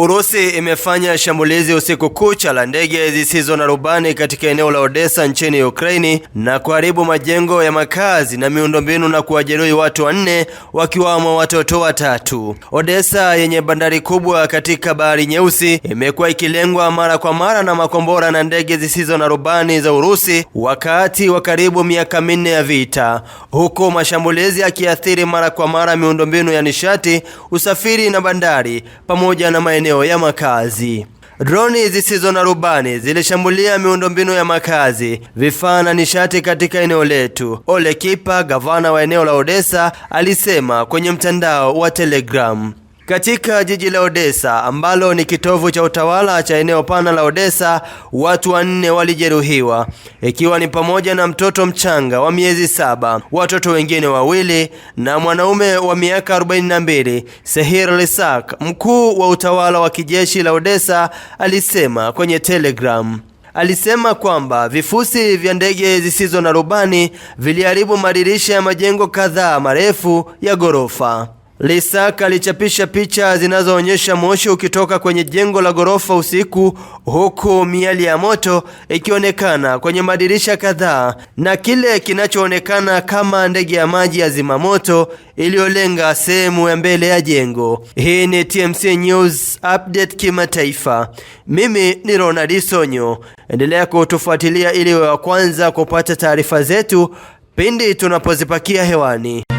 Urusi imefanya shambulizi usiku kucha la ndege zisizo na rubani katika eneo la Odessa nchini Ukraini na kuharibu majengo ya makazi na miundombinu na kuwajeruhi watu wanne wakiwamo watoto watatu. Odessa yenye bandari kubwa katika Bahari Nyeusi imekuwa ikilengwa mara kwa mara na makombora na ndege zisizo na rubani za Urusi wakati wa karibu miaka minne ya vita, huku mashambulizi yakiathiri mara kwa mara miundombinu ya nishati, usafiri na bandari pamoja na maeneo maeneo ya makazi. Droni zisizo na rubani zilishambulia miundombinu ya makazi, vifaa na nishati katika eneo letu, Ole Kipa, gavana wa eneo la Odessa, alisema kwenye mtandao wa Telegram. Katika jiji la Odessa ambalo ni kitovu cha utawala cha eneo pana la Odessa, watu wanne walijeruhiwa ikiwa ni pamoja na mtoto mchanga wa miezi saba, watoto wengine wawili na mwanaume wa miaka 42. Sehir Lisak, mkuu wa utawala wa kijeshi la Odessa, alisema kwenye Telegram. Alisema kwamba vifusi vya ndege zisizo na rubani viliharibu madirisha ya majengo kadhaa marefu ya ghorofa. Lisaka alichapisha picha zinazoonyesha moshi ukitoka kwenye jengo la ghorofa usiku, huku miali ya moto ikionekana kwenye madirisha kadhaa na kile kinachoonekana kama ndege ya maji ya zimamoto iliyolenga sehemu ya mbele ya jengo. Hii ni TMC News Update kimataifa. Mimi ni Ronald sonyo endelea kutufuatilia ili wa kwanza kupata taarifa zetu pindi tunapozipakia hewani.